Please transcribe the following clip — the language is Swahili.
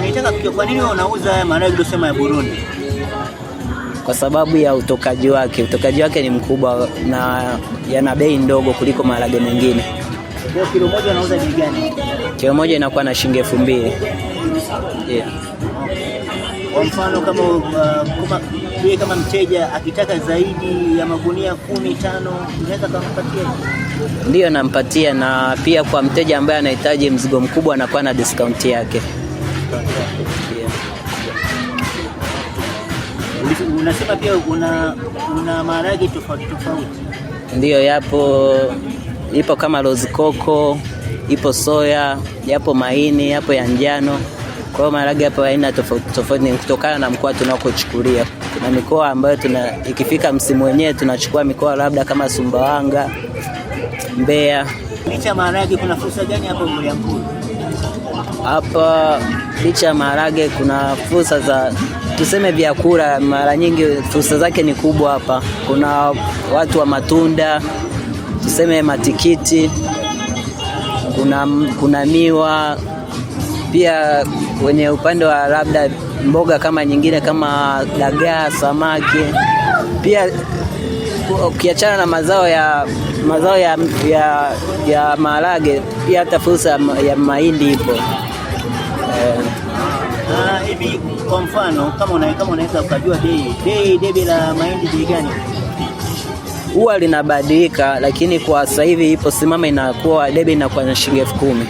Nitaka kujua kwa nini wanauza haya maharage uliosema ya Burundi? Kwa sababu ya utokaji wake. Utokaji wake ni mkubwa na yana bei ndogo kuliko maharage mengine. Kwa kilo moja wanauza bei gani? Kilo moja inakuwa na shilingi elfu mbili. Yeah. Kwa mfano kama uh, kama, kama, kama mteja akitaka zaidi ya magunia kumi tano unaweza kumpatia? Ndiyo, nampatia na pia kwa mteja ambaye anahitaji mzigo mkubwa anakuwa na discount yake. Unasema pia una, una maharage tofauti tofauti? Ndiyo, yapo ipo kama rose coco, ipo soya, yapo maini, yapo ya njano. Kwa hiyo maharage hapo aina tofauti tofauti ni kutokana na mkoa tunakochukulia. Kuna mikoa ambayo tuna ikifika msimu wenyewe tunachukua mikoa labda kama Sumbawanga, Mbeya. Licha maharage kuna fursa gani hapo Mliamkuru? Hapa licha ya maharage kuna fursa za tuseme vyakula, mara nyingi fursa zake ni kubwa hapa. Kuna watu wa matunda, tuseme matikiti, kuna, kuna miwa pia kwenye upande wa labda mboga kama nyingine kama dagaa, samaki pia ukiachana na mazao ya mazao ya, ya, ya maharage pia hata fursa ya mahindi ipo. Eh, ah, hivi kwa mfano kama kama unaweza ukajua bei bei debe la mahindi bei gani? Huwa linabadilika, lakini kwa sasa hivi ipo simama, inakuwa debe inakuwa na shilingi elfu kumi.